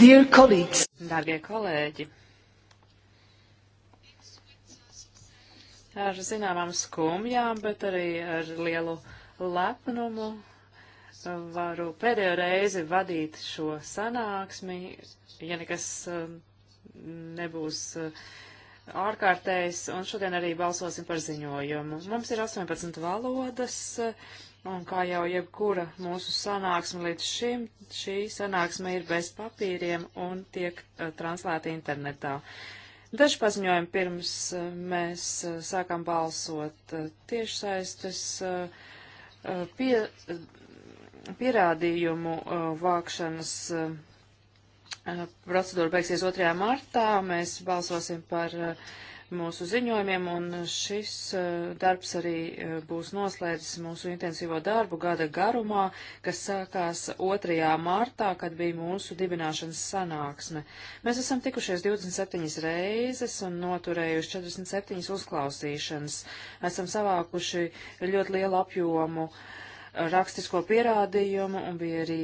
Dear colleagues. Darbie kolēģi. Ar zināmām skumjām, bet arī ar lielu lepnumu varu pēdējo reizi vadīt šo sanāksmi, ja nekas um, nebūs uh, ārkārtējs, un šodien arī balsosim par ziņojumu. Mums ir 18 valodas, Un kā jau jebkura mūsu sanāksme līdz šim, šī sanāksme ir bez papīriem un tiek uh, translēta internetā. Daži paziņojumi pirms uh, mēs uh, sākam balsot tiešsaistes pie, pierādījumu vākšanas procedūra beigsies 2. martā. Mēs balsosim par uh, mūsu ziņojumiem, un šis eh, darbs arī eh, būs noslēdzis mūsu intensīvo darbu gada garumā, kas sākās 2. martā, kad bija mūsu dibināšanas sanāksme. Mēs esam tikušies 27 reizes un noturējuši 47 uzklausīšanas. Esam savākuši ļoti lielu apjomu eh, rakstisko pierādījumu, un bija arī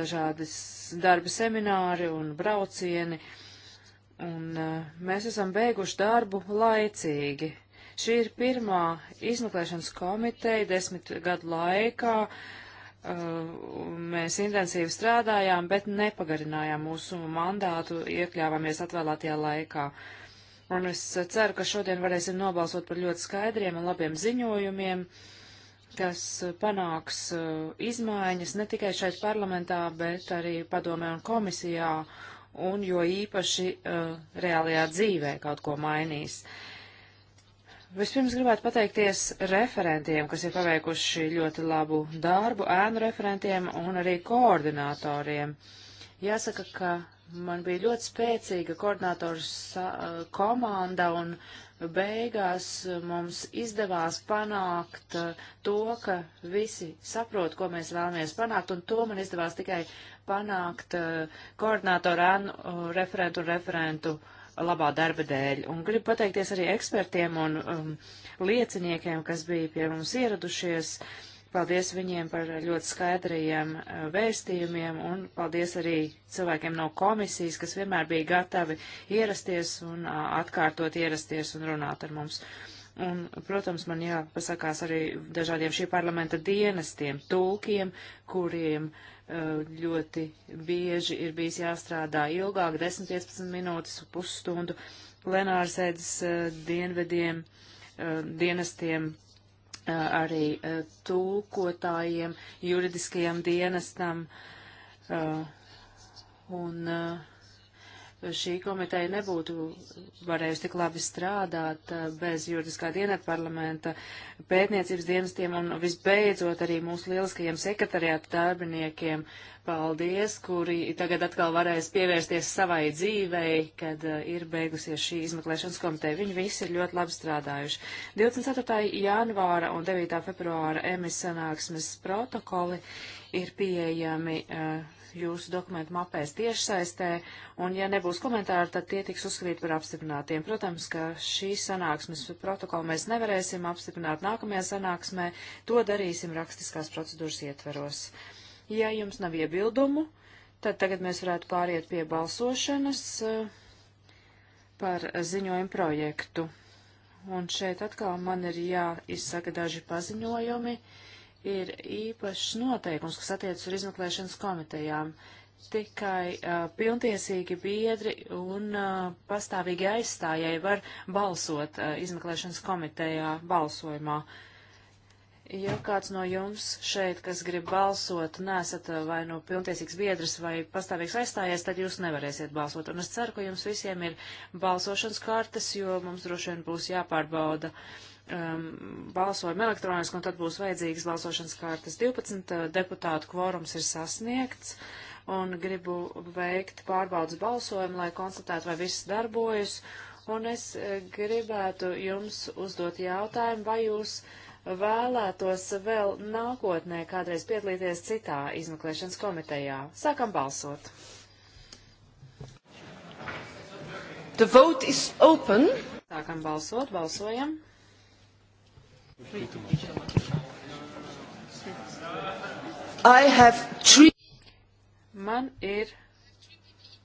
dažādas darba semināri un braucieni. Uh, un uh, mēs esam beiguši darbu laicīgi. Šī ir pirmā izmeklēšanas komiteja desmit gadu laikā. Uh, mēs intensīvi strādājām, bet nepagarinājām mūsu mandātu, iekļāvāmies atvēlētajā laikā. Un es ceru, ka šodien varēsim nobalsot par ļoti skaidriem un labiem ziņojumiem, kas panāks uh, izmaiņas ne tikai šeit parlamentā, bet arī padomē un komisijā un jo īpaši uh, reālajā dzīvē kaut ko mainīs. Vispirms gribētu pateikties referentiem, kas ir paveikuši ļoti labu darbu, ēnu referentiem un arī koordinatoriem. Uh, Jāsaka, ka man bija ļoti spēcīga koordinātoru eh, komanda un beigās mums izdevās panākt eh, to, ka visi saprot, ko mēs vēlamies panākt, un to man izdevās tikai panākt eh, koordinātoru ēnu referentu un referentu labā darba dēļ. Un gribu pateikties arī ekspertiem un um, lieciniekiem, kas bija pie mums ieradušies. Uh, Paldies viņiem par ļoti skaidrajiem eh, vēstījumiem un paldies arī cilvēkiem no komisijas, kas vienmēr bija gatavi ierasties un atkārtot ierasties un runāt ar mums. Un, protams, man jāpasakās arī dažādiem šī parlamenta dienestiem, tulkiem, kuriem eh, ļoti bieži ir bijis jāstrādā ilgāk, 10-15 minūtes, pusstundu plenārsēdes eh, dienvediem, dienestiem arī tūkotājiem, juridiskajam dienestam un uh, šī komiteja nebūtu varējusi tik labi strādāt eh, bez juridiskā dienas parlamenta pētniecības dienestiem un visbeidzot arī mūsu lieliskajiem sekretariāta darbiniekiem. Paldies, kuri tagad atkal varēs pievērsties savai dzīvei, kad eh, ir beigusies šī izmeklēšanas komiteja. Viņi visi ir ļoti labi strādājuši. 24. janvāra un 9. februāra emis sanāksmes protokoli ir pieejami uh, jūsu dokumentu mapēs tiešsaistē, un ja nebūs komentāri, tad tie tiks uzskatīti par apstiprinātiem. Protams, ka šīs sanāksmes protokolu mēs nevarēsim apstiprināt nākamajā sanāksmē, to darīsim rakstiskās procedūras ietveros. Ja jums nav iebildumu, tad tagad mēs varētu pāriet pie balsošanas eh, par ziņojumu projektu. Un šeit atkal man ir jāizsaka daži paziņojumi. Uh, ir īpašs noteikums, kas attiecas uz izmeklēšanas komitejām. Tikai uh, pilntiesīgi biedri un uh, pastāvīgi aizstājēji var balsot uh, izmeklēšanas komitejā balsojumā. Ja kāds no jums šeit, kas grib balsot, nesat vai no nu pilntiesīgs biedrs vai pastāvīgs aizstājies, tad jūs nevarēsiet balsot. Un es ceru, ka jums visiem ir balsošanas kartes, jo mums droši vien būs jāpārbauda uh, um, balsojam elektroniski, un tad būs vajadzīgas balsošanas kārtas 12. Uh, deputātu kvorums ir sasniegts, un gribu veikt pārbaudas balsojumu, lai konstatētu, vai viss darbojas. Un es uh, gribētu jums uzdot jautājumu, vai jūs vēlētos vēl nākotnē kādreiz piedalīties citā izmeklēšanas komitejā. Sākam balsot. The vote is open. Sākam balsot, balsojam. Three... Man ir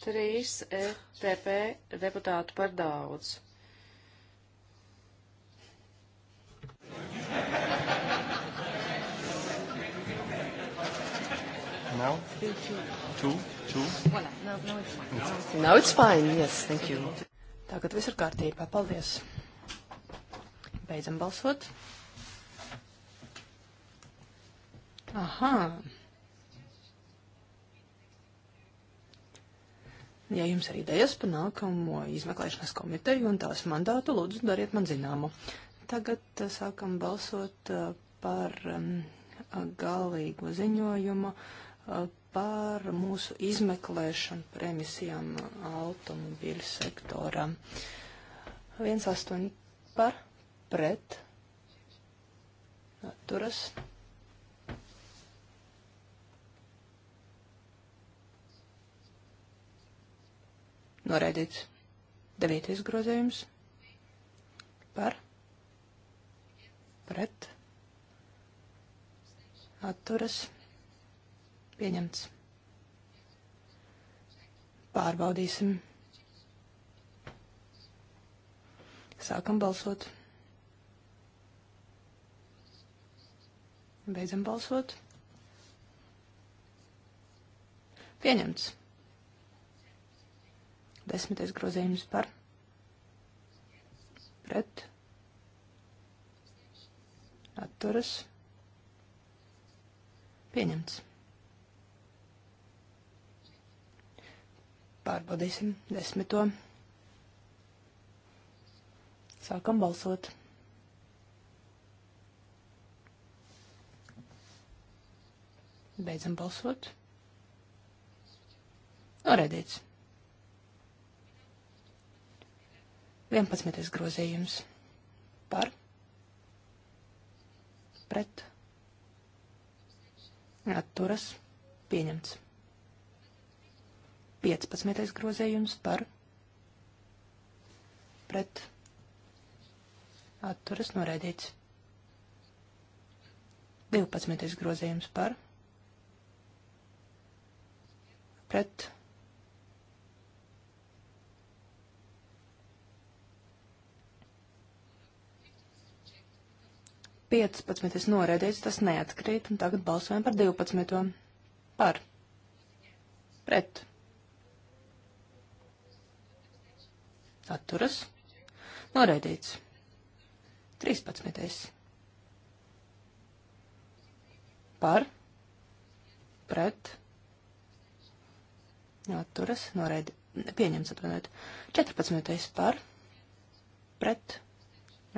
trīs ETP deputātu par daudz. Now? Two? Two? Voilà. Now, now it's fine. Now it's fine, yes, thank you. Tagad viss ir kārtībā, paldies. Beidzam balsot. Aha. Ja jums ir idejas par nākamo izmeklēšanas komiteju un tās mandātu, lūdzu, dariet man zināmu. Tagad eh, sākam balsot eh, par mm, galīgo ziņojumu eh, par mūsu izmeklēšanu par emisijām automobīļu sektorā. 1,8 par pret turas Noraidīts. Devītais grozījums. Par. Pret. Atturas. Pieņemts. Pārbaudīsim. Sākam balsot. Beidzam balsot. Pieņemts. Desmitais grozījums par pret atturas pieņemts. Pārbaudīsim desmito. Sākam balsot. Beidzam balsot. Noraidīts. 11. grozījums par pret atturas pieņemts. 15. grozījums par pret atturas noraidīts. 12. grozījums par pret atturas pieņemts 15 es noraidīju, tas neatkrīt, un tagad balsojam par 12. Par. Pret. Atturas. Noraidīts. 13. Par. Pret. Atturas. Noraidīts. Pieņemts atvainojiet. 14. par. Pret.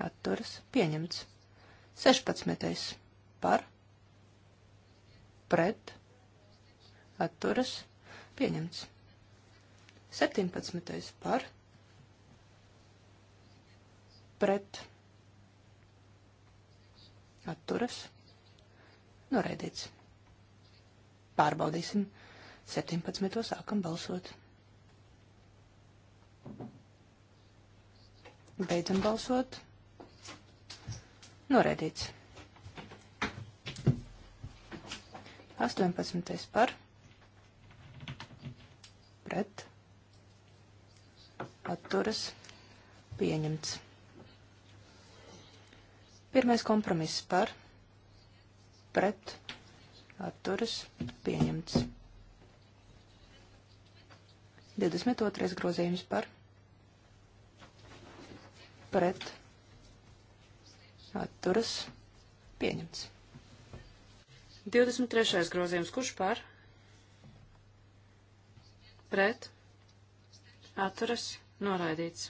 Atturas. Pieņemts. 16. par pret atturas pieņemts. 17. par pret atturas noraidīts. Pārbaudīsim. 17. sākam balsot. Beidzam balsot. Noraidīts. 18. par. Pret. Atturas. Pieņemts. Pirmais kompromiss par. Pret. Atturas. Pieņemts. 22. grozījums par. Pret atturas pieņemts. 23. grozījums, kurš par? Pret, atturas, noraidīts.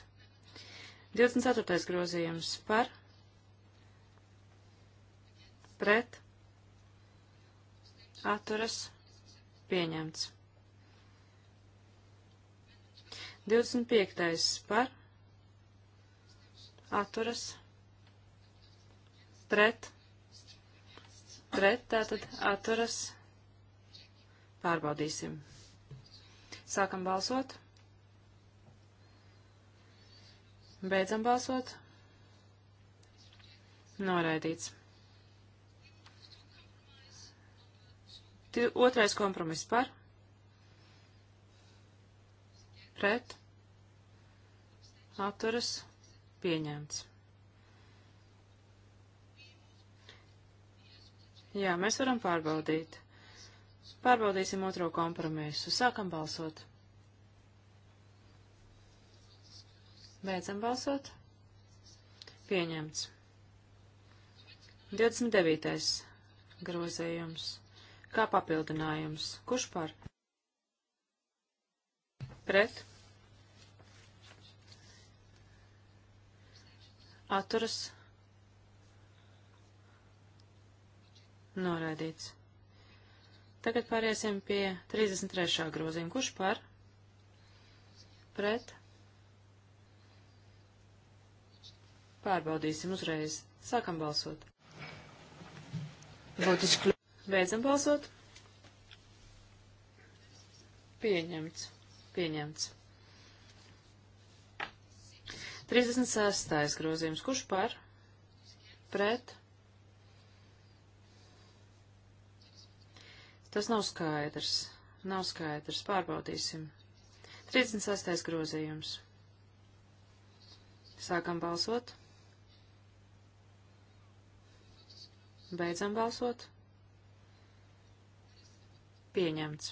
24. grozījums par, pret, atturas, pieņemts. 25. par, atturas, pieņemts pret, pret, tātad atturas, pārbaudīsim. Sākam balsot, beidzam balsot, noraidīts. Otrais kompromiss par, pret, atturas, pieņemts. Jā, mēs varam pārbaudīt. Pārbaudīsim otro kompromisu. Sākam balsot. Beidzam balsot. Pieņemts. 29. grozējums. Kā papildinājums? Kurš par? Pret? Atturas? Noraidīts. Tagad pāriesim pie 33. grozījuma. Kurš par? Pret? Pārbaudīsim uzreiz. Sākam balsot. Būtiski. Beidzam balsot. Pieņemts. Pieņemts. 36. grozījums. Kurš par? Pret? Tas nav skaidrs. Nav skaidrs. Pārbaudīsim. 36. grozījums. Sākam balsot. Beidzam balsot. Pieņemts.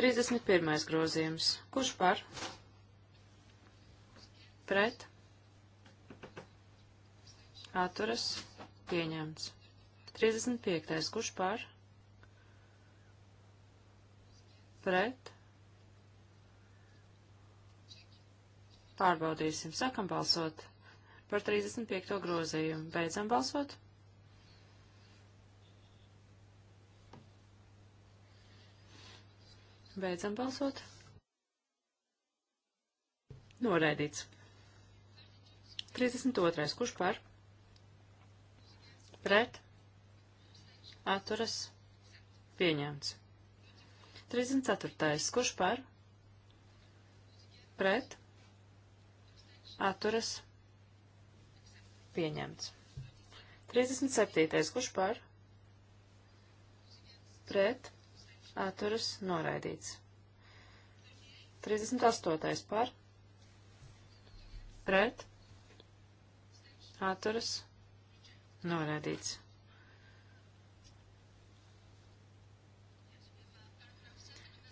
Trīsdesmit pirmais grozījums. Kurš par? Pret? atturas pieņemts. 35. kurš par? Pret. Pārbaudīsim. Sākam balsot par 35. grozījumu. Beidzam balsot. Beidzam balsot. Noraidīts. 32. Kurš par? pret, atturas, pieņemts. 34. Kurš par? Pret, atturas, pieņemts. 37. Kurš par? Pret, atturas, noraidīts. 38. par? Pret, atturas, pieņemts. Norādīts.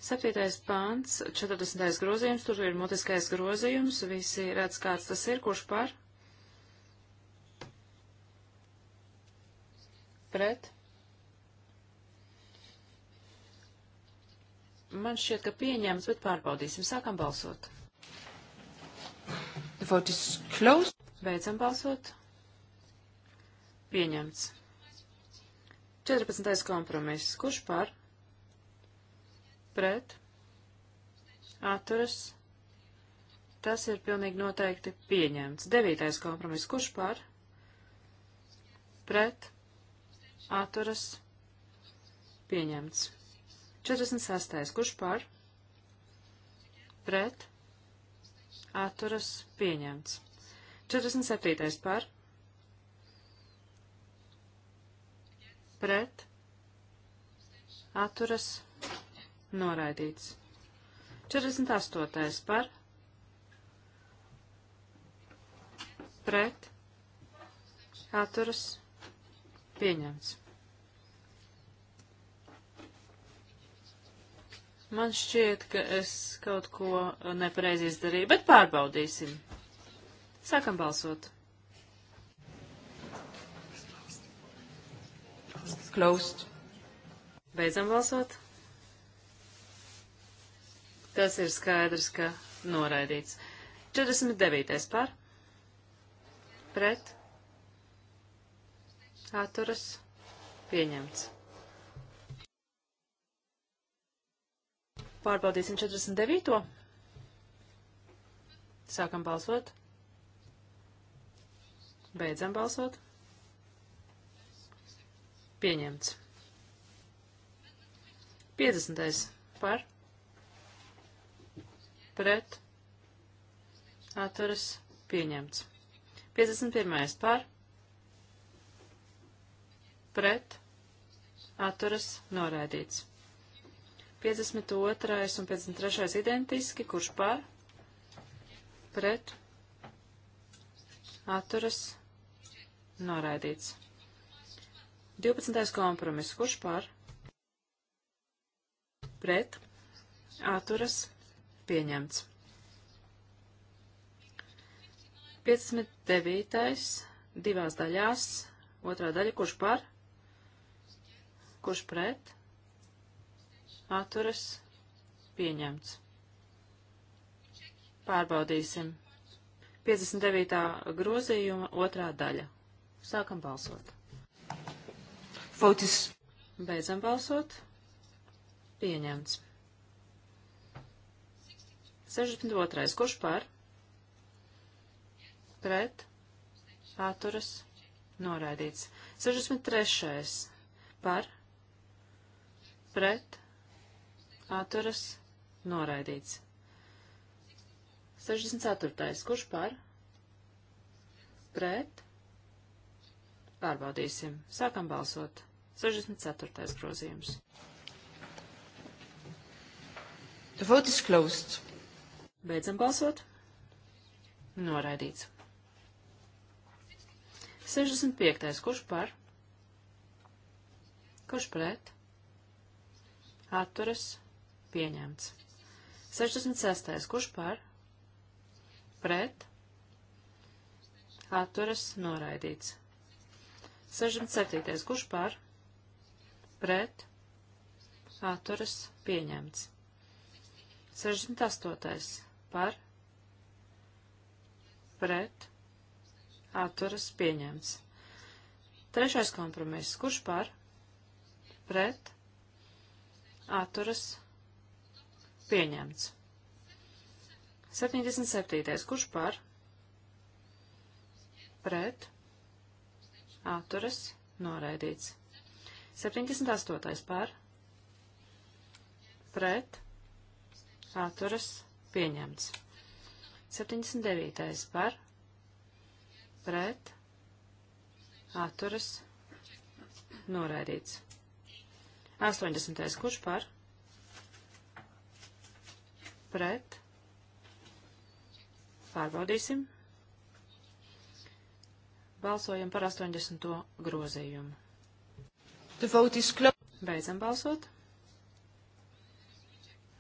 Septītais pāns, 40. grozījums, tur ir mutiskais grozījums, visi redz, kāds tas ir, kurš par? Pret? Man šķiet, ka pieņēmts, bet pārbaudīsim. Sākam balsot. The vote is closed. Beidzam balsot. Pieņemts. 14. kompromiss. Kurš par? Pret? Atturas? Tas ir pilnīgi noteikti pieņemts. 9. kompromiss. Kurš par? Pret? Atturas? Pieņemts. 46. Kurš par? Pret? Atturas? Pieņemts. 47. par? pret, atturas, noraidīts. 48. par, pret, atturas, pieņemts. Man šķiet, ka es kaut ko nepareizi izdarīju, bet pārbaudīsim. Sākam balsot. It's closed. Beidzam balsot. Tas ir skaidrs, ka noraidīts. 49. par. Pret. Atturas. Pieņemts. Pārbaudīsim 49. Sākam balsot. Beidzam balsot. Pieņemts. 50. par pret atturas pieņemts. 51. par pret atturas noraidīts. 52. un 53. identiski, kurš par pret atturas noraidīts. 12. kompromiss. Kurš par? Pret. Atturas. Pieņemts. 59. divās daļās. Otrā daļa. Kurš par? Kurš pret? Atturas. Pieņemts. Pārbaudīsim. 59. grozījuma otrā daļa. Sākam balsot. Vote is. Beidzam balsot. Pieņemts. 62. Kurš par? Pret. Atturas. Noraidīts. 63. Par. Pret. Atturas. Noraidīts. 64. Kurš par? Pret. Pārbaudīsim. Sākam balsot. 64. grozījums. The vote is closed. Beidzam balsot. Noraidīts. 65. Kurš par? Kurš pret? Atturas. Pieņemts. 66. Kurš par? Pret. Atturas. Noraidīts. 67. Kurš par? Pret pret, atturas pieņemts. 68. par, pret, atturas pieņemts. Trešais kompromiss. Kurš par, pret, atturas pieņemts. 77. Kurš par, pret, atturas noraidīts. 78. par pret atturas pieņemts. 79. par pret atturas noraidīts. 80. kurš par pret pārbaudīsim. Balsojam par 80. grozījumu. The vote is closed. Beidzam balsot.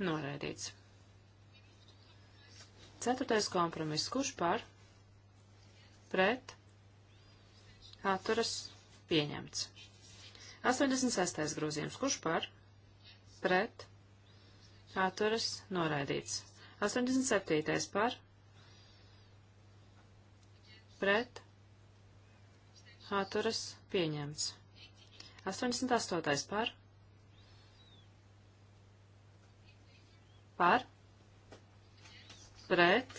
Noraidīts. Ceturtais kompromiss. Kurš par? Pret? Atturas? Pieņemts. 86. grozījums. Kurš par? Pret? Atturas? Noraidīts. 87. par? Pret? Atturas? Pieņemts. 88. par. Par. Pret.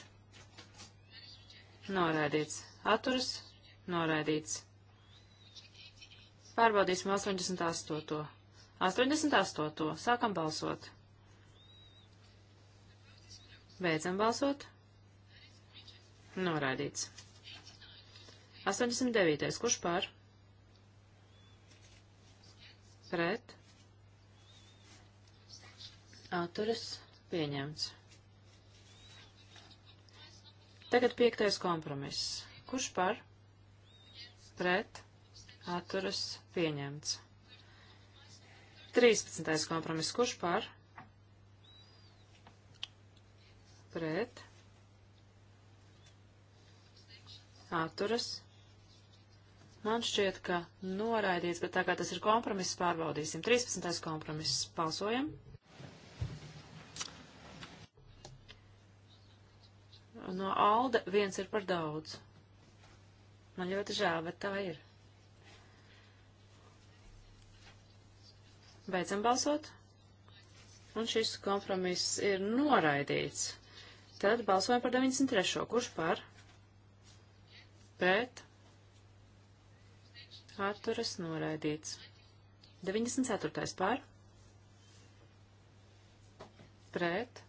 Noraidīts. Atturas. Noraidīts. Pārbaudīsim 88. 88. Sākam balsot. Beidzam balsot. Noraidīts. 89. Kurš par? Par pret, atturas pieņemts. Tagad piektais kompromiss. Kurš par? Pret. Atturas pieņemts. 13. kompromiss. Kurš par? Pret. Atturas Man šķiet, ka noraidīts, bet tā kā tas ir kompromiss, pārbaudīsim. 13. kompromiss. Balsojam. No Alde viens ir par daudz. Man ļoti žēl, bet tā ir. Beidzam balsot. Un šis kompromiss ir noraidīts. Tad balsojam par 93. Kurš par? Pret? atturas noraidīts. 94. pār pret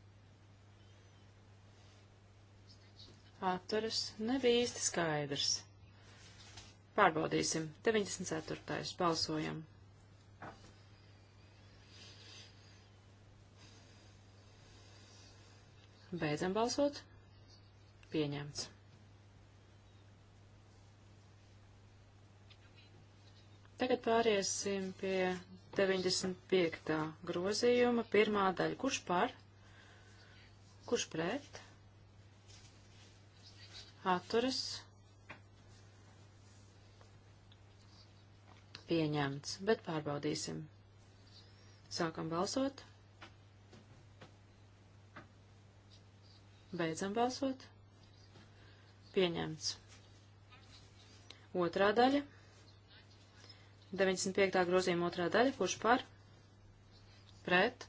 atturas nebija īsti skaidrs. Pārbaudīsim. 94. balsojam. Beidzam balsot. Pieņemts. Tagad pāriesim pie 95. grozījuma pirmā daļa. Kurš par? Kurš pret? Atturas. Pieņemts, bet pārbaudīsim. Sākam balsot. Beidzam balsot. Pieņemts. Otrā daļa. 95. grozījuma otrā daļa, kurš par, pret,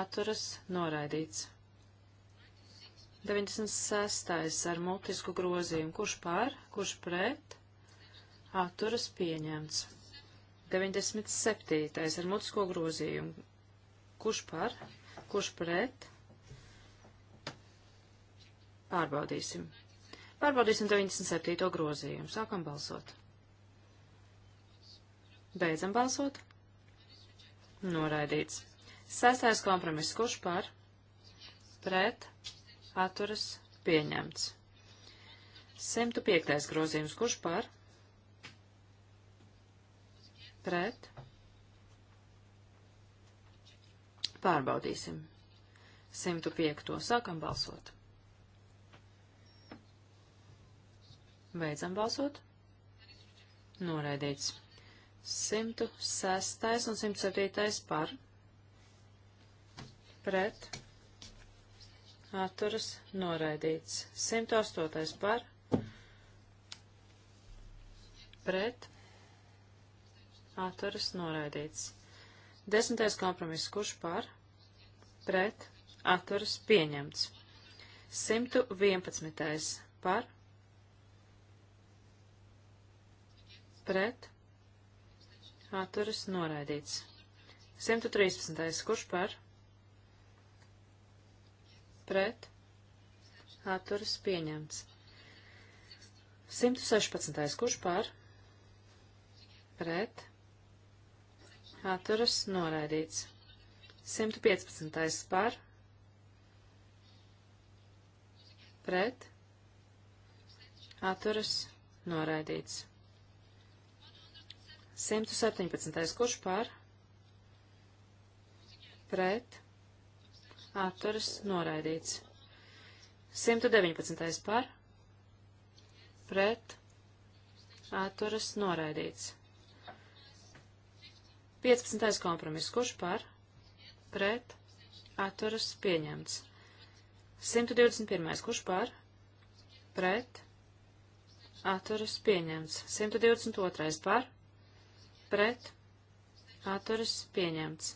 atturas, noraidīts. 96. ar multisku grozījumu, kurš par, kurš pret, atturas pieņemts. 97. ar mutisko grozījumu, kurš par, kurš pret, pārbaudīsim. Pārbaudīsim 97. grozījumu. Sākam balsot. Beidzam balsot. Noraidīts. Sestais kompromiss. Kurš par? Pret. Atturas. Pieņemts. 105. grozījums. Kurš par? Pret. Pārbaudīsim. 105. Sākam balsot. Beidzam balsot. Noraidīts. 106. un 107. par pret atturas noraidīts. 108. par pret atturas noraidīts. 10. kompromiss kurš par pret atturas pieņemts. 111. par pret atturas noraidīts. 113. Kurš par? Pret. Atturas pieņemts. 116. Kurš par? Pret. Atturas noraidīts. 115. par? Pret. Atturas noraidīts. 117. Kurš par? Pret. Atturas noraidīts. 119. par? Pret. Atturas noraidīts. 15. kompromiss. Kurš par? Pret. Atturas pieņemts. 121. Kurš par? Pret. Atturas pieņemts. 122. par? pret, atturas pieņemts.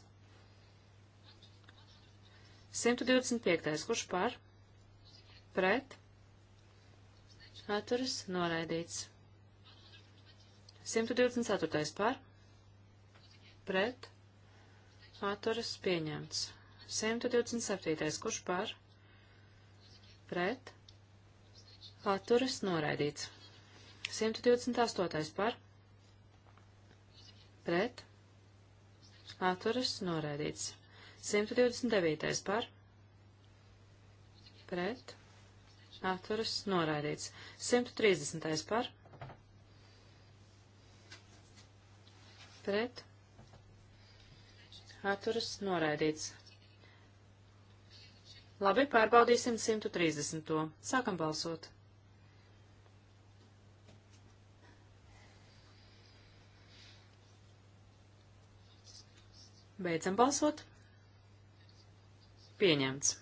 125. Kurš par? Pret. Atturas noraidīts. 124. par? Pret. Atturas pieņemts. 127. Kurš par? Pret. Atturas noraidīts. 128. par? pret, atturas noraidīts. 129. par, pret, atturas noraidīts. 130. par, pret, atturas noraidīts. Labi, pārbaudīsim 130. Sākam balsot. Beidzam balsot. Pieņemts.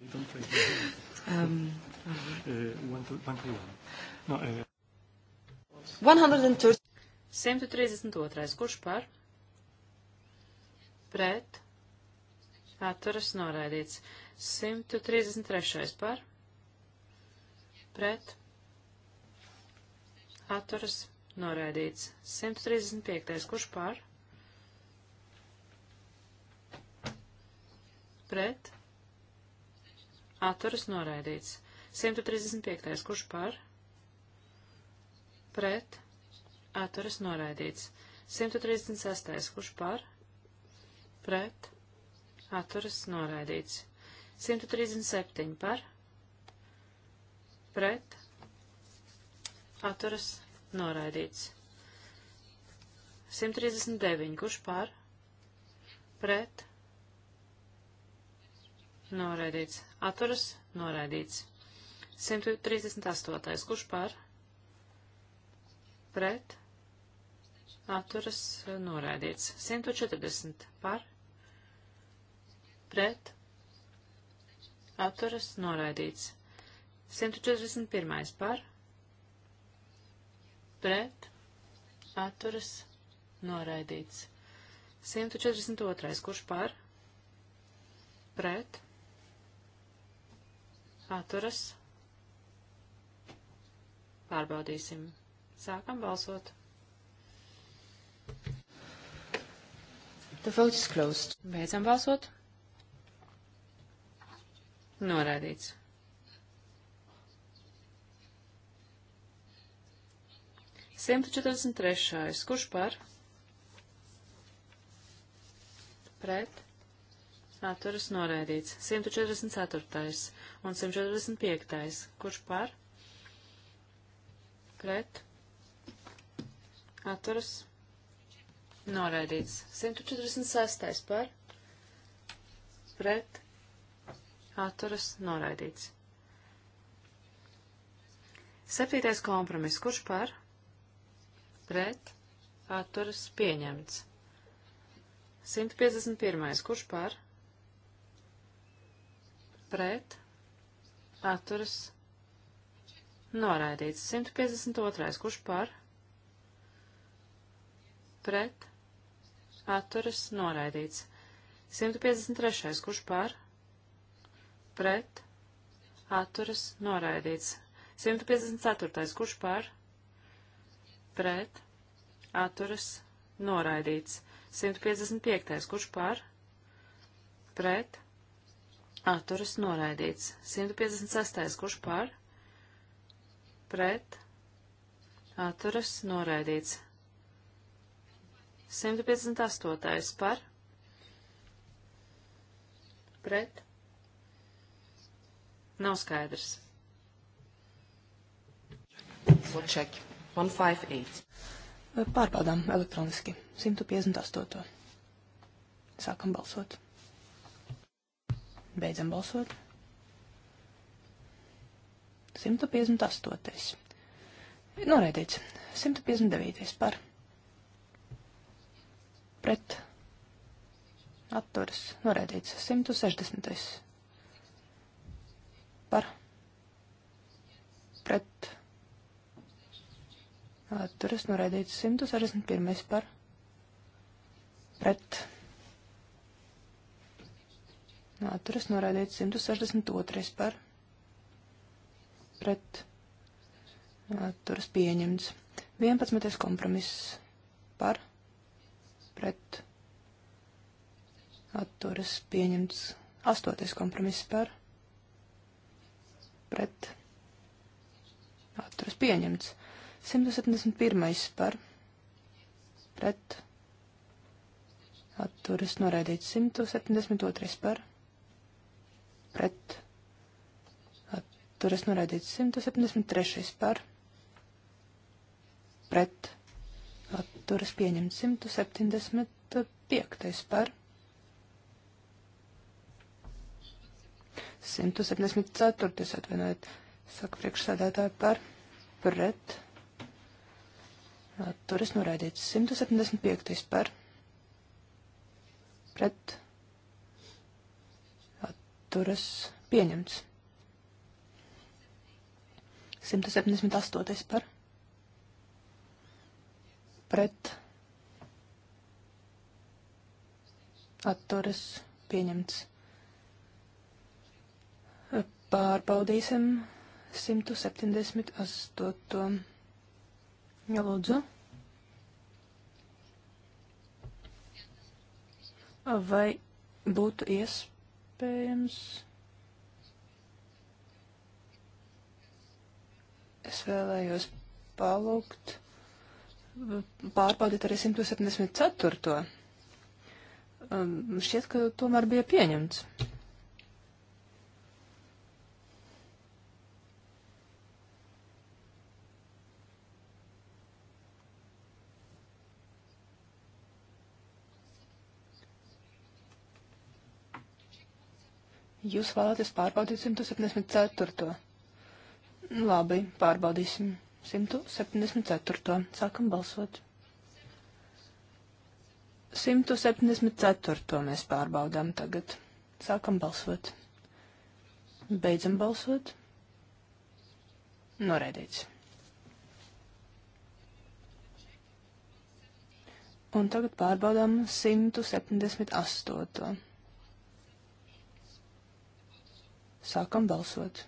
Um, um. Uh, 132. Kurš par? Pret. Atturas noraidīts. 133. par? Pret. Atturas noraidīts noraidīts. 135. Kurš par? Pret. Atturas noraidīts. 135. Kurš par? Pret. Atturas noraidīts. 136. Kurš par? Pret. Atturas noraidīts. 137 par, pret, atturas noraidīts. 139. Kurš par? Pret. Noraidīts. Atturas. Noraidīts. 138. Kurš par? Pret. Atturas. Noraidīts. 140. Par? Pret. Atturas. Noraidīts. 141. Par? pret, atturas, noraidīts. 142. Kurš par? Pret, atturas, pārbaudīsim. Sākam balsot. The vote is closed. Beidzam balsot. Noraidīts. 143. Kurš par? Pret. Atturas noraidīts. 144. un 145. Kurš par? Pret. Atturas. Noraidīts. 146. par? Pret. Atturas. Noraidīts. Septītais kompromiss. Kurš par? Pret pret, atturas pieņemts. 151. Kurš par? Pret, atturas noraidīts. 152. Kurš par? Pret, atturas noraidīts. 153. Kurš par? Pret, atturas noraidīts. 154. Kurš par? pret, atturas, noraidīts. 155. kurš par, pret, atturas, noraidīts. 156. kurš par, pret, atturas, noraidīts. 158. par, pret, nav skaidrs. We'll check. 158. Pārbaudām elektroniski 158. Sākam balsot. Beidzam balsot. 158. Noraidīts. 159. par. Pret. Atturas. Noraidīts. 160. par. Pret Atturas noraidīts 161 par pret. Atturas noraidīts 162 par pret. Atturas pieņemts. 11. kompromiss par pret. Atturas pieņemts. 8. kompromiss par pret. Atturas pieņemts. 171. par pret atturas noraidīts 172. par pret atturas noraidīts 173. par pret atturas pieņemts 175. par 174. atvienojiet, saka priekšsēdētāji par pret Atturas noraidīts 175. par pret atturas pieņemts. 178. par pret atturas pieņemts. Pārbaudīsim 178. Ja lūdzu. Vai būtu iespējams? Es vēlējos palūgt, pārbaudīt arī 174. Um, šķiet, ka tomēr bija pieņemts. Jūs vēlaties pārbaudīt 174. Labi, pārbaudīsim 174. Sākam balsot. 174. mēs pārbaudām tagad. Sākam balsot. Beidzam balsot. Noraidīts. Un tagad pārbaudām 178. Sākam balsot.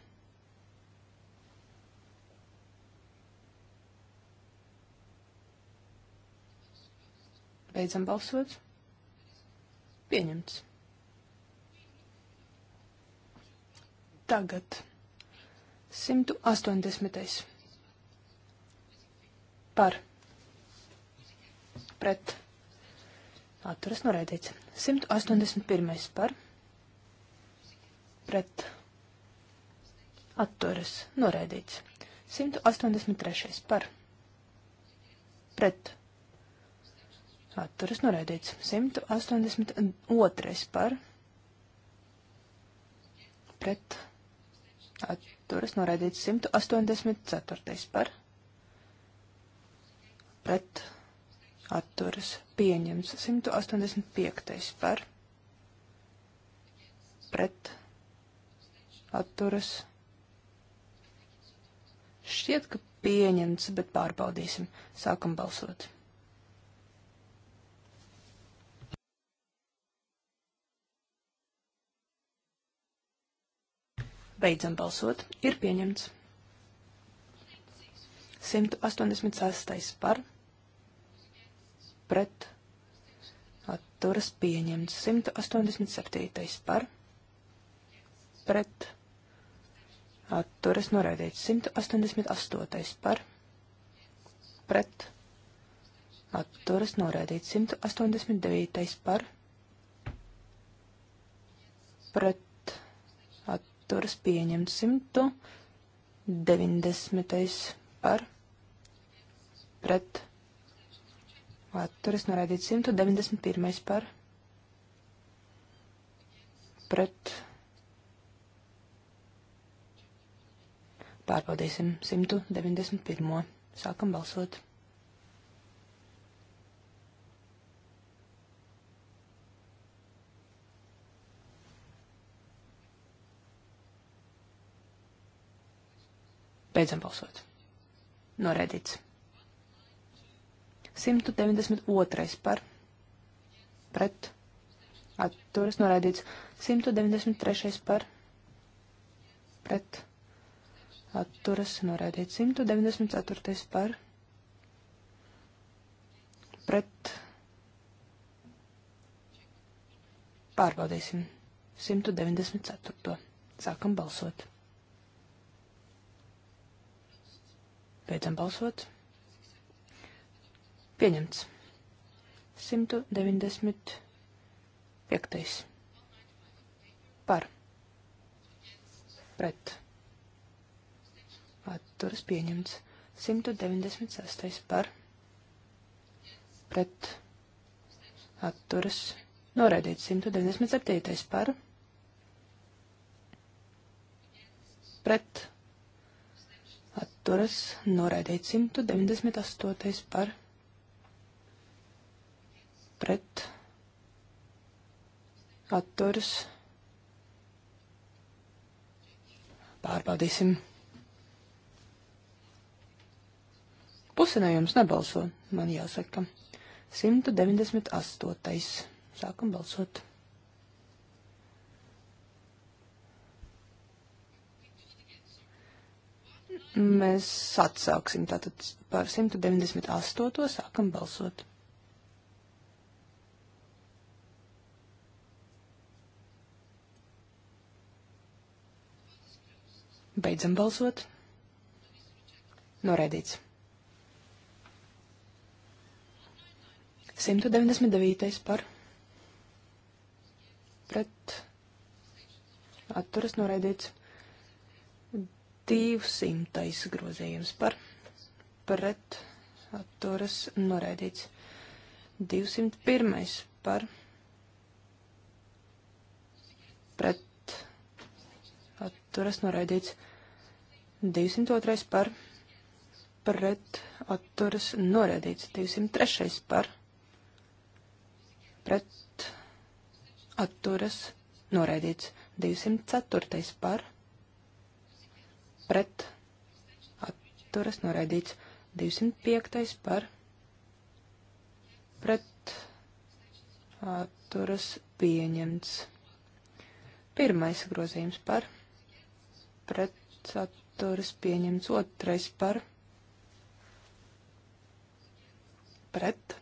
Beidzam balsot. Pieņemts. Tagad 180. Par. Pret. Atturas norēdīts. 181. Par. Pret atturas noraidīts. 183. par pret atturas noraidīts. 182. par pret atturas noraidīts. 184. par pret atturas pieņems. 185. par pret atturas noraidīts atturas Šķiet, ka pieņemts, bet pārbaudīsim. Sākam balsot. Beidzam balsot. Ir pieņemts. 186. par, pret, atturas pieņemts. 187. par, pret, atturas pieņemts atturas noraidīts 188 par pret atturas noraidīts 189 par pret atturas pieņemts 190 par pret atturas noraidīts 191 par pret Pārbaudīsim 191. Sākam balsot. Beidzam balsot. Noraidīts. 192. par pret atturas noraidīts. 193. par pret atturas atturas norādīts 194. par pret pārbaudīsim 194. Sākam balsot. Beidzam balsot. Pieņemts. 195. Par. Pret atturas pieņemts. 196. par pret atturas noraidīts. 197. par pret atturas noraidīts. 198. par pret atturas pārbaudīsim. Puse no jums nebalso, man jāsaka. 198. Sākam balsot. Mēs atsāksim tātad par 198. sākam balsot. Beidzam balsot. Noraidīts. 199. par pret atturas noraidīts. 200. grozījums par pret atturas noraidīts. 201. par pret atturas noraidīts. 202. par pret atturas noraidīts. 203. par pret pret atturas noraidīts 204. par pret atturas noraidīts 205. par pret atturas pieņemts. Pirmais grozījums par pret atturas pieņemts, otrais par pret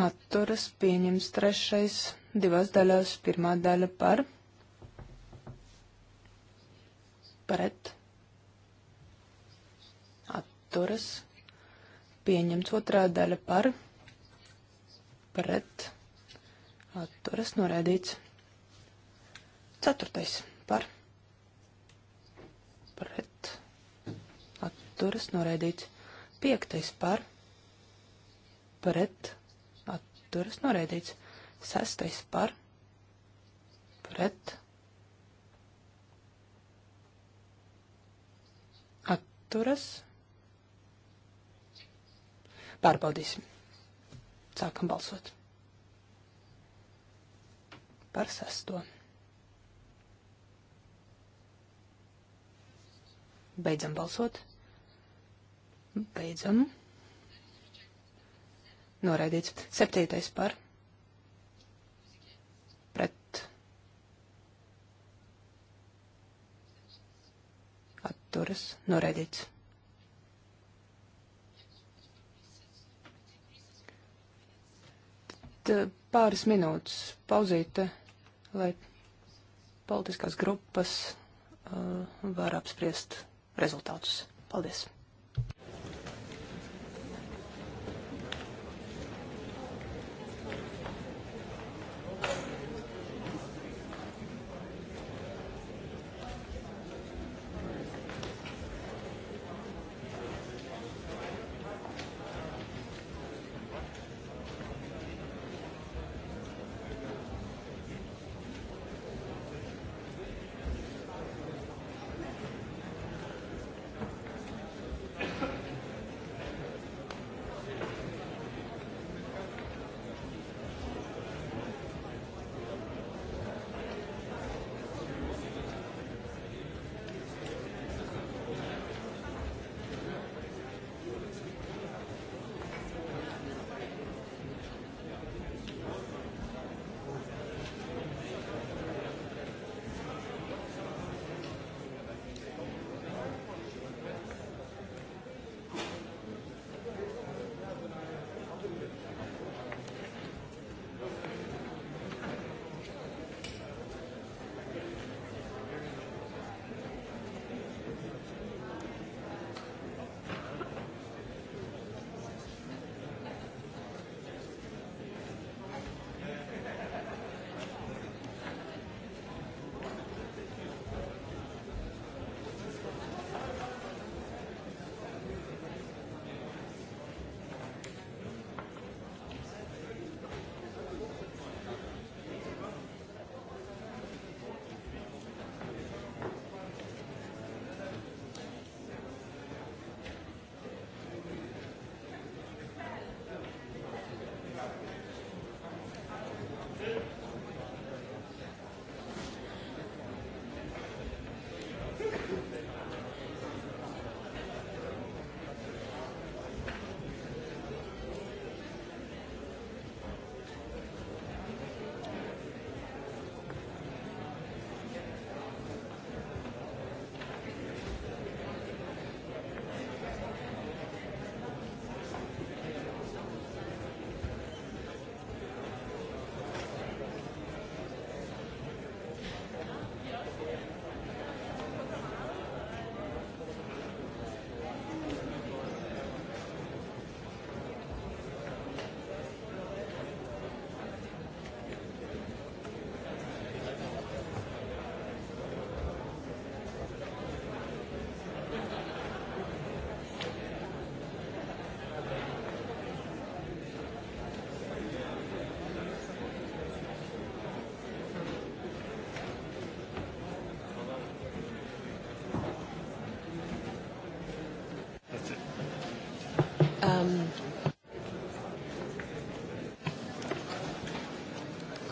Atturas pieņems trešais divās daļās. Pirmā daļa par. Pret. Atturas. Pieņemts otrā daļa par. Pret. Atturas norēdīts. Ceturtais par. Pret. Atturas norēdīts. Piektais par. Pret atturas noraidīts. Sestais par pret atturas. Pārbaudīsim. Sākam balsot. Par sesto. Beidzam balsot. Beidzam noraidīts. Septītais par pret atturas noraidīts. Tad eh, pāris minūtes pauzīte, lai politiskās grupas uh, var apspriest rezultātus. Paldies!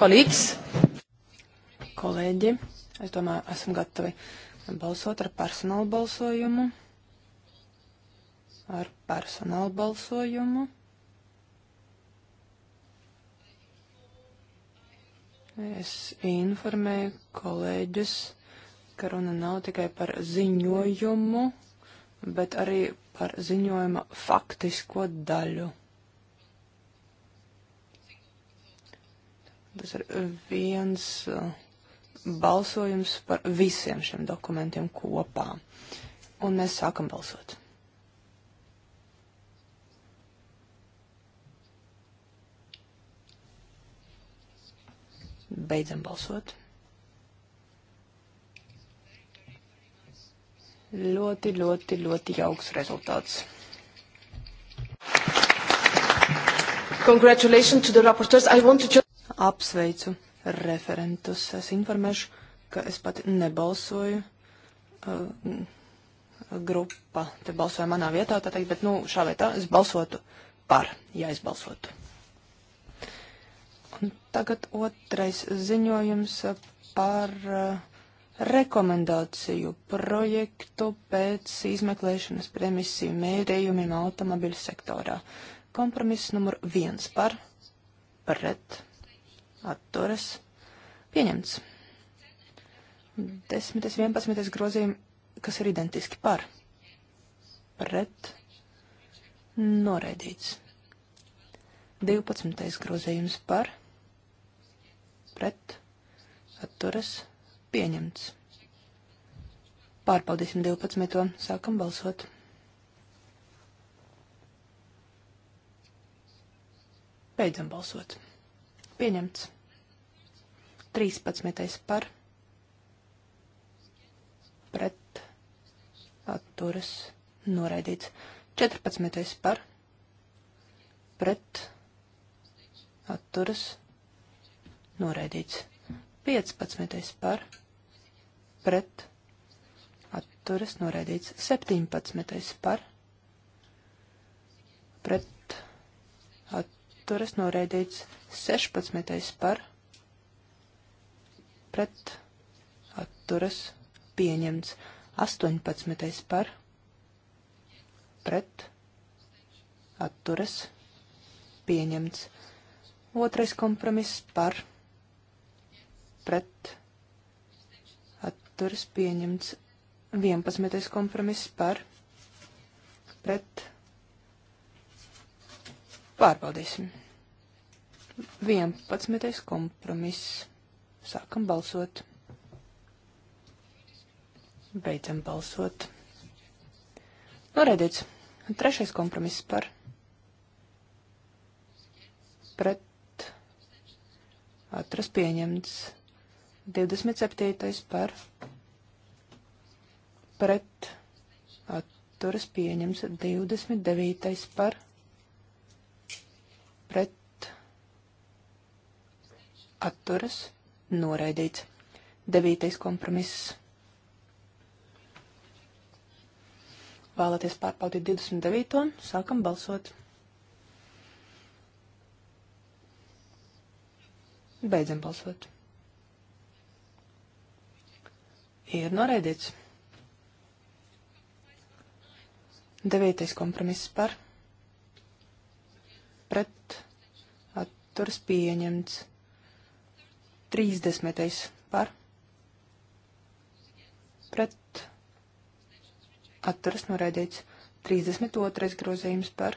Palīgs! Kolēģi, es domāju, esam gatavi balsot ar personālu balsojumu. Ar personālu balsojumu. Es informēju kolēģus, ka runa nav tikai par ziņojumu, bet arī par ziņojuma faktisko daļu. Tas ir eh, viens eh, balsojums par visiem šiem dokumentiem kopā. Un mēs sākam balsot. Beidzam balsot. Ļoti, ļoti, ļoti jauks rezultāts. Congratulations to the rapporteurs. I want to just apsveicu referentus. Es informēšu, ka es pati nebalsoju. Uh, grupa te balsoja manā vietā, tā teikt, bet, nu, šā vai tā, es balsotu par, ja es balsotu. Un tagad otrais ziņojums par uh, rekomendāciju projektu pēc izmeklēšanas premisiju mērījumiem automobiļu sektorā. Kompromiss numur viens par, pret, atturas pieņemts. 10. 11. grozījumi, kas ir identiski par, pret, noraidīts. 12. grozījums par, pret, atturas pieņemts. Pārbaudīsim 12. sākam balsot. Beidzam balsot. Pieņemts. 13. par. Pret. Atturas. Noraidīts. 14. par. Pret. Atturas. Noraidīts. 15. par. Pret. Atturas. Noraidīts. 17. par. Pret atturas noraidīts 16. par pret atturas pieņemts 18. par pret atturas pieņemts. Otrais kompromiss par pret atturas pieņemts. 11. kompromiss par pret atturas pieņemts Pārbaudīsim. 11. kompromiss. Sākam balsot. Beidzam balsot. Noraidīts. Trešais kompromiss par. Pret. Atras pieņemts. 27. par. Pret. Atturas pieņemts. 29. par. atturas noraidīts. Devītais kompromiss. Vēlaties pārbaudīt 29. sākam balsot. Beidzam balsot. Ir noraidīts. Devītais kompromiss par pret atturas pieņemts. 30. par pret atturas noraidīts. 32. grozījums par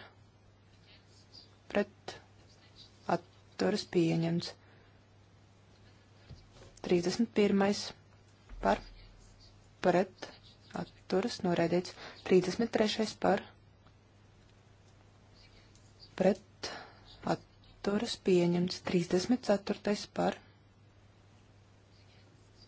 pret atturas pieņemts. 31. par pret atturas noraidīts. 33. par pret atturas pieņemts. 34. par pret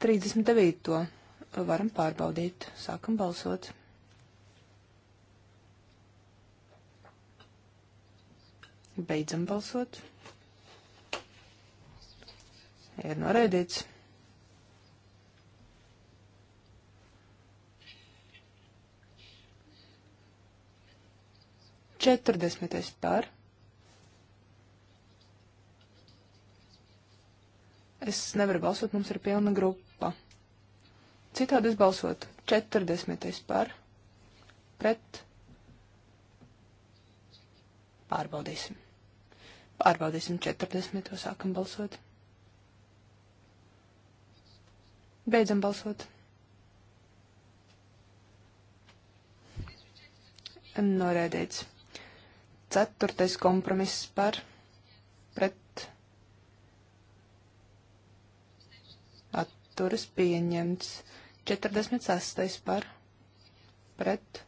39. varam pārbaudīt. Sākam balsot. Beidzam balsot. Ir noraidīts. Četrdesmitais par. Es nevaru balsot, mums ir pilna grupa. Citādi es balsotu. 40. par. Pret. Pārbaudīsim. Pārbaudīsim 40. sākam balsot. Beidzam balsot. Norēdīts. Ceturtais kompromiss par atturas pieņemts. 46. par pret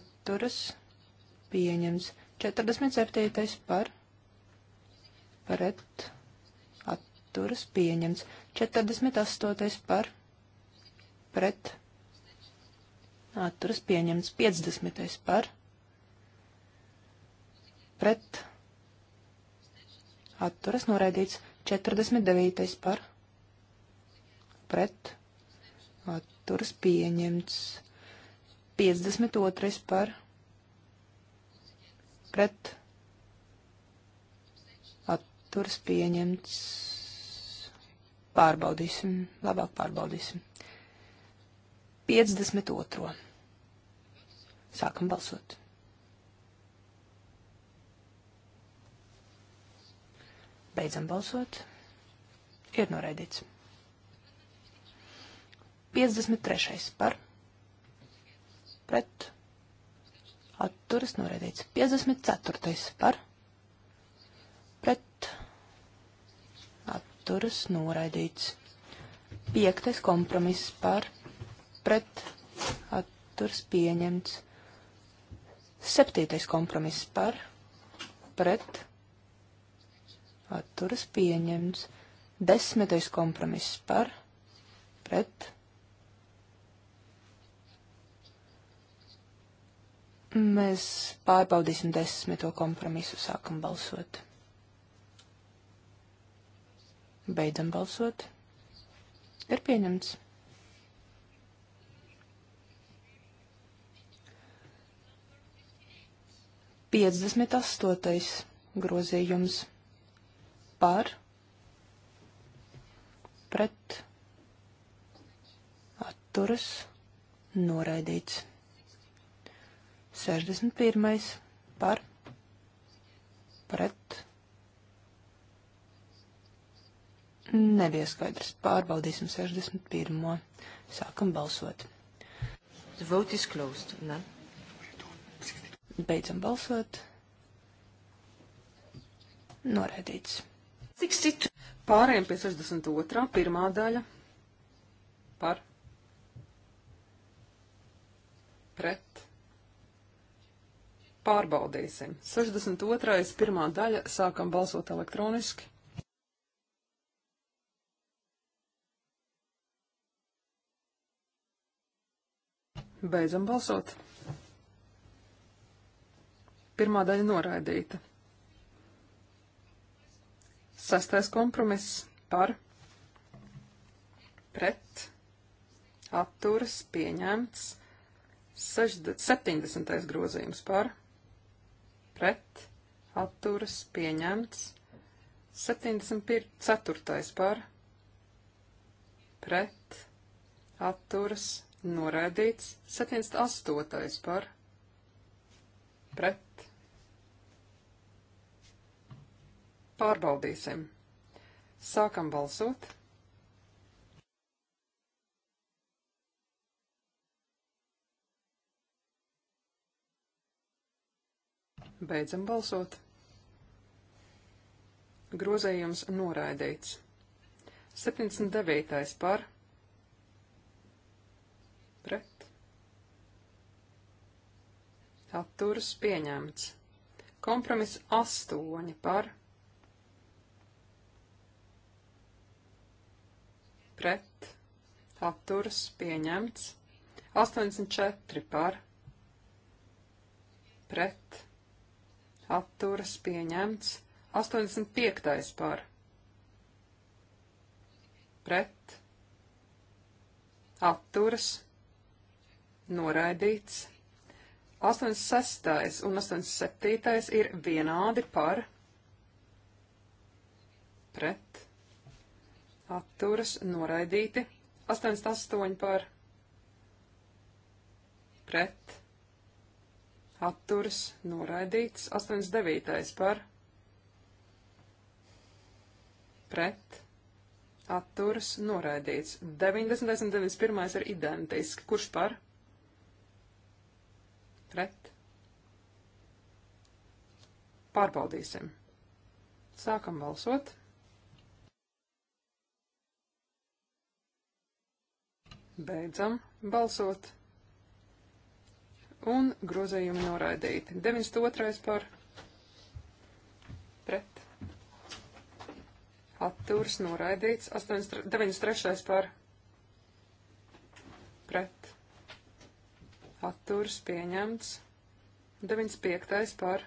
atturas pieņemts. 47. par pret atturas pieņemts. 48. par pret atturas pieņemts. 50. par pret atturas noraidīts. 49. par pret pret atturas pieņemts. 52. par pret atturas pieņemts. Pārbaudīsim, labāk pārbaudīsim. 52. Sākam balsot. Beidzam balsot. Ir noraidīts. 53. par pret atturas noraidīts. 54. par pret atturas noraidīts. 5. kompromiss par pret atturas pieņemts. 7. kompromiss par pret atturas pieņemts. 10. kompromiss par pret atturas pieņemts pret, Mēs pārbaudīsim desmito kompromisu, sākam balsot. Beidzam balsot. Ir pieņemts. Piecdesmit astotais grozījums par, pret, atturas, noraidīts. 61. par pret. Nebija skaidrs. Pārbaudīsim 61. Sākam balsot. The vote is closed. None. Beidzam balsot. Noraidīts. Cik citu? Pārējiem pie 62. pirmā daļa. Par. Pret. Pārbaudīsim. 62. pirmā daļa. Sākam balsot elektroniski. Beidzam balsot. Pirmā daļa noraidīta. Sastais kompromiss par pret atturas pieņemts 60, 70. grozījums par pret, atturas, pieņemts. 74. par, pret, atturas, noraidīts. 78. par, pret. Pārbaudīsim. Sākam balsot. Beidzam balsot. Grozējums noraidīts. 79. par. Pret. Atturas pieņemts. Kompromis 8 par. Pret. Atturas pieņemts. 84 par. Pret atturas pieņemts. 85. par pret atturas noraidīts. 86. un 87. ir vienādi par pret atturas noraidīti. 88 par pret atturas noraidīts. 89. par pret atturas noraidīts. 90. un 91. ir identiski. Kurš par? Pret. Pārbaudīsim. Sākam balsot. Beidzam balsot un grozējumi noraidīti. 92. par pret. Atturs noraidīts. 8, 93. par pret. Atturs pieņemts. 95. par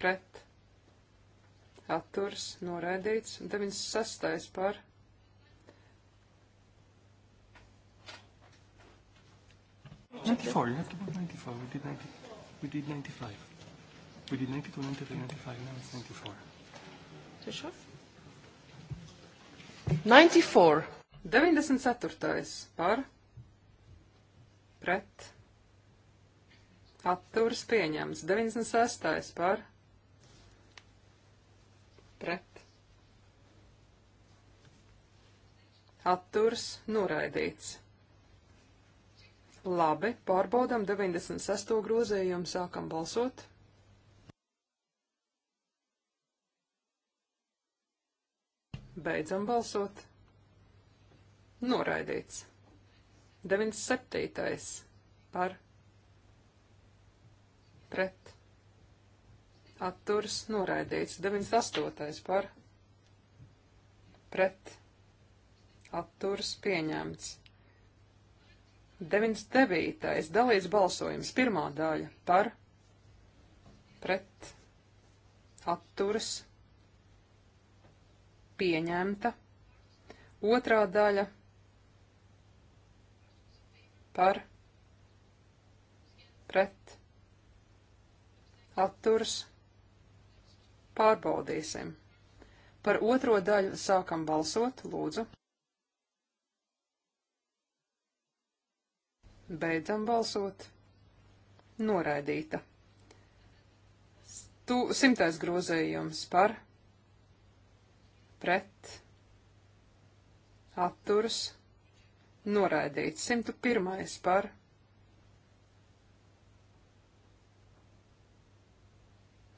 pret. Atturs noraidīts. 96. par pret 94, you have to put 94. We did, 90, we did 95. We did 92, 93, 95. Now it's 94. Tiešām? 94. 94. par pret atturas pieņems. 96. par pret atturas noraidīts. Labi, pārbaudām 96. grozējumu, sākam balsot. Beidzam balsot. Noraidīts. 97. par pret. Atturs noraidīts. 98. par pret. Atturs pieņemts. 99. dalīts balsojums. Pirmā daļa par pret atturas pieņemta. Otrā daļa par pret atturas pārbaudīsim. Par otro daļu sākam balsot, lūdzu. Beidzam balsot. Noraidīta. Tu simtais grozējums par, pret, atturs, noraidīts. Simtu pirmais par,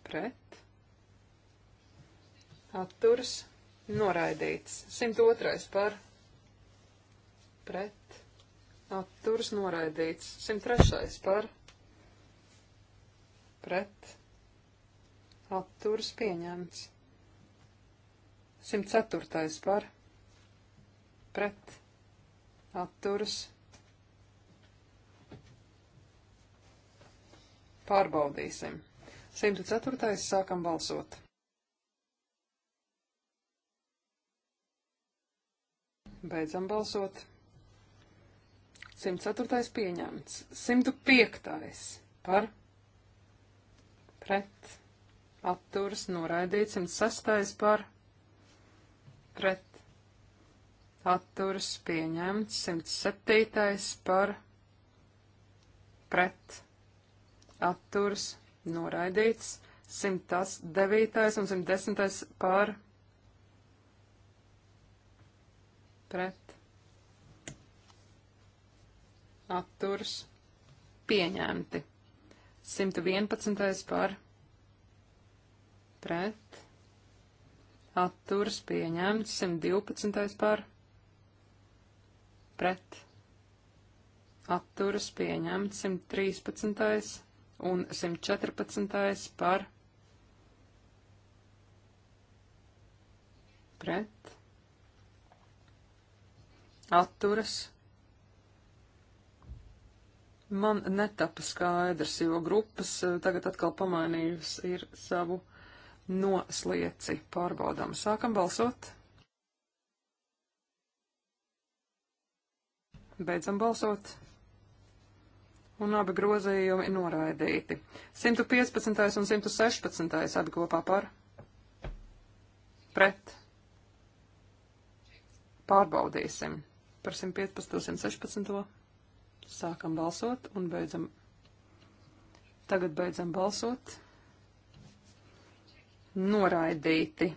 pret, atturs, noraidīts. Simt otrais par, pret, atturas noraidīts. 103. par pret atturas pieņemts. 104. par pret atturas pārbaudīsim. 104. sākam balsot. Beidzam balsot. 104. pieņemts. 105. par pret atturas noraidīts. 106. par pret atturas pieņemts. 107. par pret atturas noraidīts. 109. un 110. par pret atturs pieņemti. 111. par pret atturs pieņemts. 112. par pret atturs pieņemts. 113. un 114. par pret atturas pieņemts man netapa skaidrs, jo grupas eh, tagad atkal pamainījusi ir savu noslieci. Pārbaudām. Sākam balsot. Beidzam balsot. Un abi grozījumi ir noraidīti. 115. un 116. abi kopā par. Pret. Pārbaudīsim. Par 115. un 116. Sākam balsot un beidzam. Tagad beidzam balsot. Noraidīti.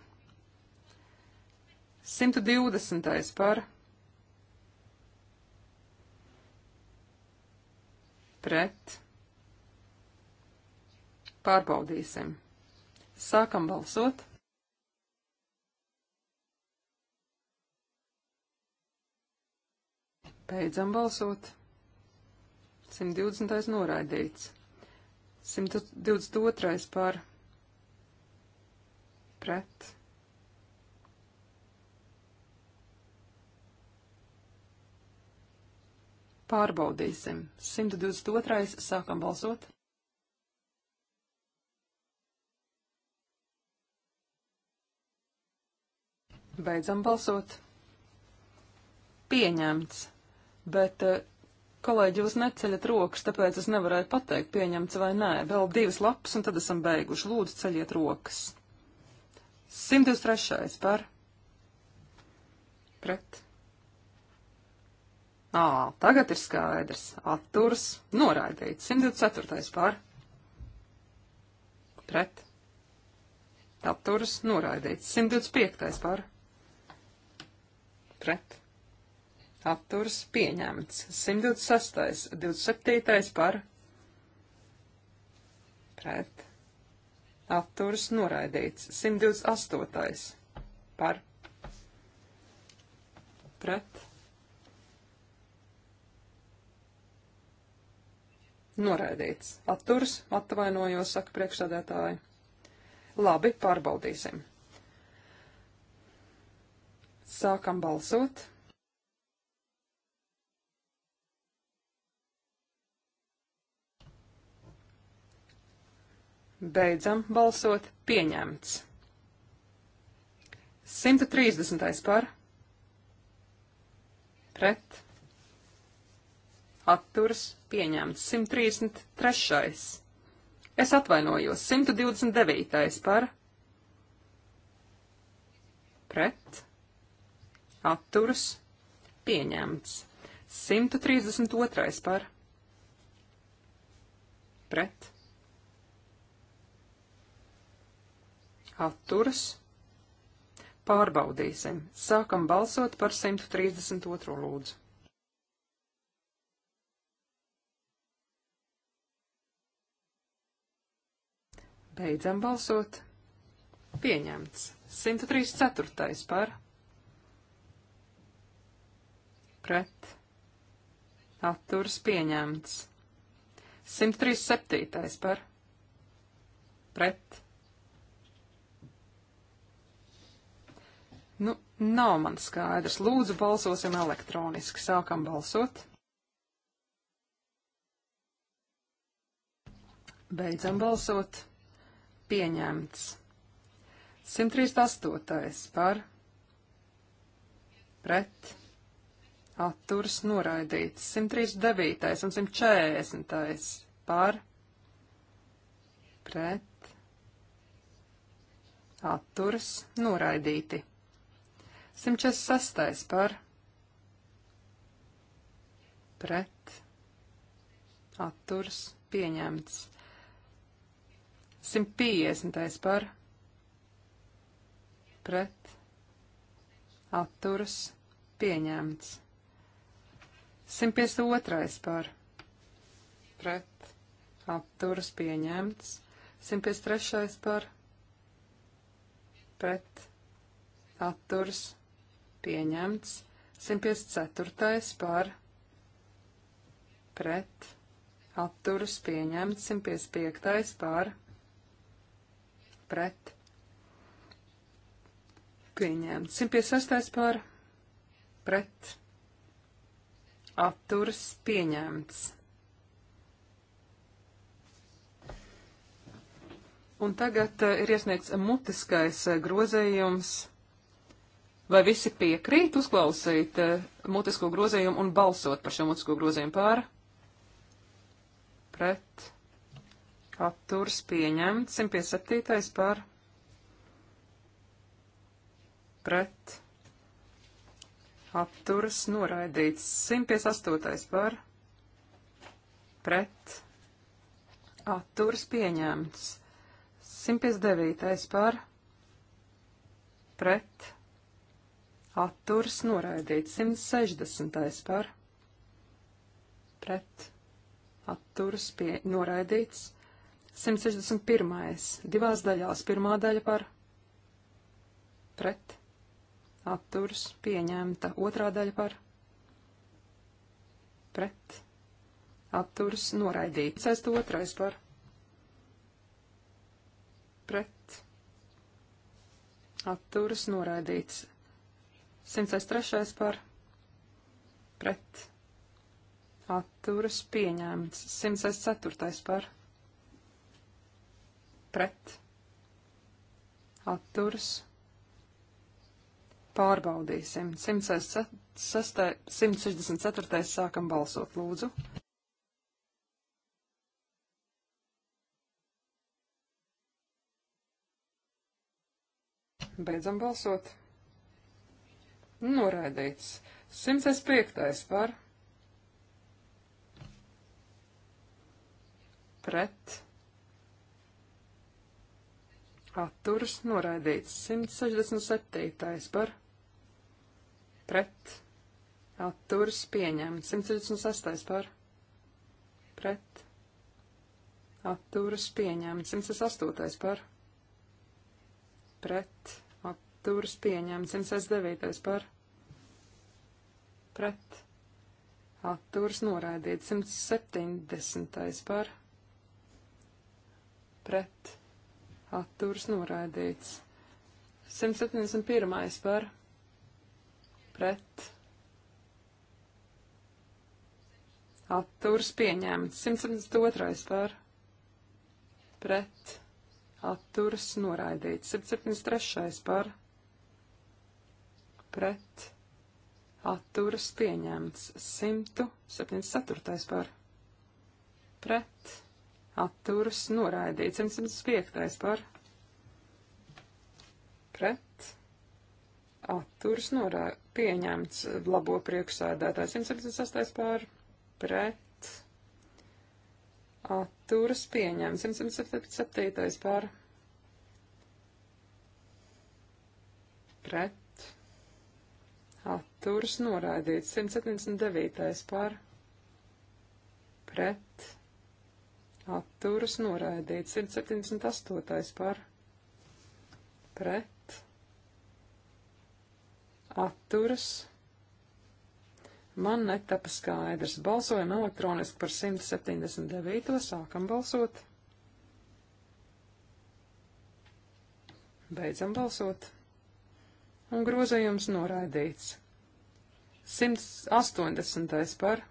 120. par. Pret. Pārbaudīsim. Sākam balsot. Beidzam balsot. 120. noraidīts. 122. par pret. Pārbaudīsim. 122. sākam balsot. Beidzam balsot. Pieņemts, bet uh, Kolēģi, jūs neceļat rokas, tāpēc es nevarēju pateikt, pieņemts vai nē. Vēl divas lapas, un tad esam beiguši. Lūdzu, ceļiet rokas. 123. par. Pret. Ā, tagad ir skaidrs. Atturs noraidīts. 124. par. Pret. Atturs noraidīts. 125. par. Pret atturs pieņemts. 126. 27. par pret atturs noraidīts. 128. par pret noraidīts. Atturs atvainojos, saka priekšsādētāji. Labi, pārbaudīsim. Sākam balsot. Beidzam balsot. Pieņemts. 130. par. Pret. Atturs. Pieņemts. 133. Es atvainojos. 129. par. Pret. Atturs. Pieņemts. 132. par. Pret atturas. Pārbaudīsim. Sākam balsot par 132. lūdzu. Beidzam balsot. Pieņemts. 134. par. Pret. Atturs pieņemts. 137. par. Pret. Nu, nav man skaidrs. Lūdzu, balsosim elektroniski. Sākam balsot. Beidzam balsot. Pieņemts. 138. par. Pret. Atturs noraidīts. 139. un 140. par. Pret. Atturs noraidīti. 146. par pret atturs pieņemts. 150. par pret atturs pieņemts. 152. par pret atturs pieņemts. 153. par pret atturs pieņemts pieņemts. 154. par pret atturas pieņemts. 155. par pret pieņemts. 156. par pret atturas pieņemts. Un tagad eh, ir iesniegts mutiskais eh, grozējums Vai visi piekrīt uzklausīt e, mutisko grozījumu un balsot par šo mutisko grozījumu pār? Pret. Atturs pieņemts. 157. pār. Pret. Atturs noraidīts. 158. pār. Pret. Atturs pieņemts. 159. pār. Pret atturs noraidīts 160. par pret atturs pie, noraidīts 161. divās daļās pirmā daļa par pret atturs pieņemta otrā daļa par pret atturs noraidīts aizt otrais par pret atturs noraidīts 103. par pret atturas pieņēmts. 104. par pret atturas pārbaudīsim. 164. sākam balsot lūdzu. Beidzam balsot. Noraidīts. 105. par. Pret. Atturs noraidīts. 167. par. Pret. Atturs pieņemts. 168. par. Pret. Atturas pieņemts. 108. par. Pret. Atturas pieņemts. 109. par pret atturas noraidīt 170. par pret atturas noraidīts 171. par pret atturas pieņēmts 172. par pret atturas noraidīts 173. par pret atturas pieņemts. 174. par pret atturas noraidīts. 175. par pret atturas noraidīts. Pieņemts labo priekšsēdētājs. 178. par pret atturas pieņemts. 177. par pret atturas noraidīts. 179. par pret atturas noraidīts. 178. par pret atturas. Man netapa skaidrs. Balsojam elektroniski par 179. sākam balsot. Beidzam balsot un grozījums noraidīts. 180. par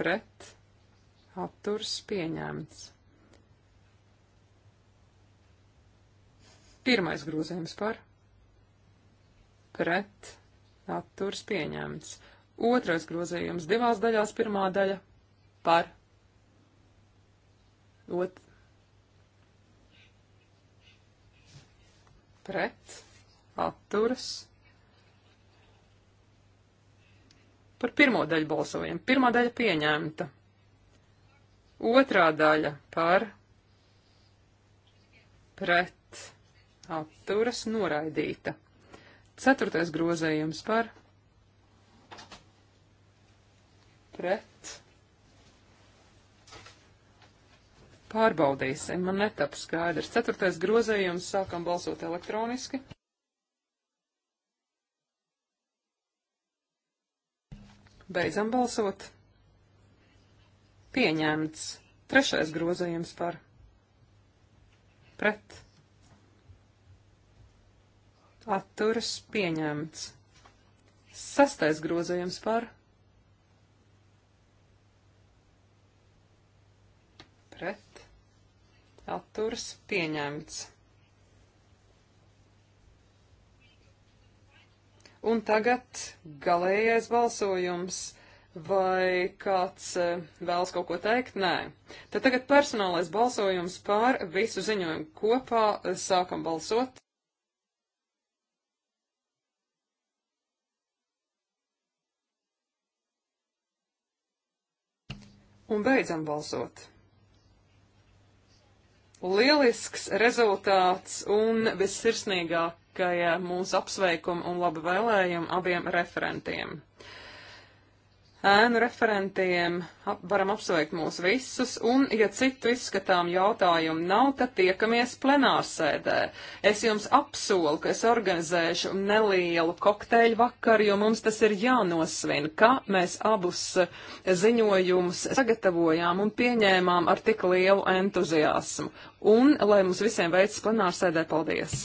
pret atturs pieņemts. Pirmais grozījums par pret atturs pieņemts. Otrais grozījums divās daļās, pirmā daļa par. Ot, pret, atturas. Par pirmo daļu balsojam. Pirmā daļa pieņemta. Otrā daļa par pret atturas noraidīta. Ceturtais grozējums par pret Pārbaudīsim, man netap skaidrs. Ceturtais grozējums, sākam balsot elektroniski. Beidzam balsot. Pieņemts. Trešais grozējums par. Pret. Atturas pieņemts. Sastais grozējums par. Pret atturs pieņemts. Un tagad galējais balsojums. Vai kāds e, vēlas kaut ko teikt? Nē. Tad tagad personālais balsojums pār visu ziņojumu kopā. E, sākam balsot. Un beidzam balsot. Lielisks rezultāts un vissirsnīgākie mūsu apsveikumi un labi vēlējumi abiem referentiem ēnu referentiem, ap, varam apsveikt mūs visus, un, ja citu izskatām jautājumu nav, tad tiekamies plenārsēdē. Es jums apsolu, ka es organizēšu nelielu kokteļu vakaru, jo mums tas ir jānosvin, ka mēs abus eh, ziņojumus sagatavojām un pieņēmām ar tik lielu entuziasmu. Un, lai mums visiem veids plenārsēdē, paldies!